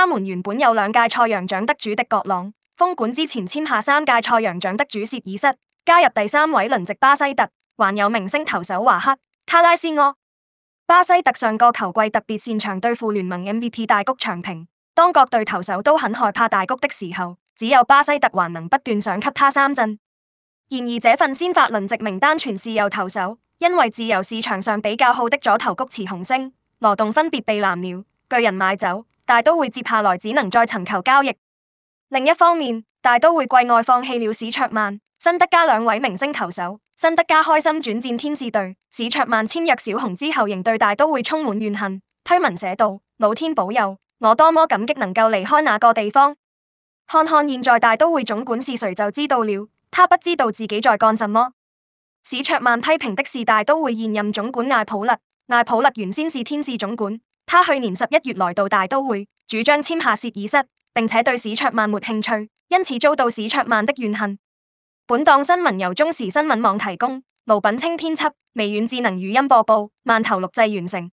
他們原本有兩屆賽揚獎得主的角浪，封管之前簽下三屆賽揚獎得主薛爾塞，加入第三位輪值巴西特，還有明星投手華克、卡拉斯柯。巴西特上個球季特別擅長對付聯盟 MVP 大谷翔平，當各隊投手都很害怕大谷的時候，只有巴西特還能不斷想給他三振。然而這份先發輪值名單全是右投手，因為自由市場上比較好的左投菊池雄星羅棟分別被藍鳥、巨人買走。大都會接下來只能再尋求交易。另一方面，大都會季外放棄了史卓曼、新德加兩位明星投手。新德加開心轉戰天使隊，史卓曼簽約小熊之後仍對大都會充滿怨恨。推文寫道：老天保佑，我多麼感激能夠離開那個地方。看看現在大都會總管是誰就知道了。他不知道自己在幹什麼。史卓曼批評的是大都會現任總管艾普勒。艾普勒原先是天使總管。他去年十一月來到大都會，主張簽下切爾室，並且對史卓曼沒興趣，因此遭到史卓曼的怨恨。本檔新聞由中時新聞網提供，盧品清編輯，微軟智能語音播報，萬頭錄製完成。